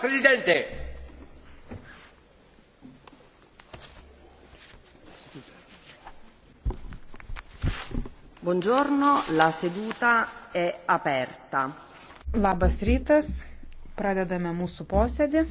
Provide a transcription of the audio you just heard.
Presidente! Buongiorno, la seduta è aperta. Labas rytas, pradedame mūsų posėdį.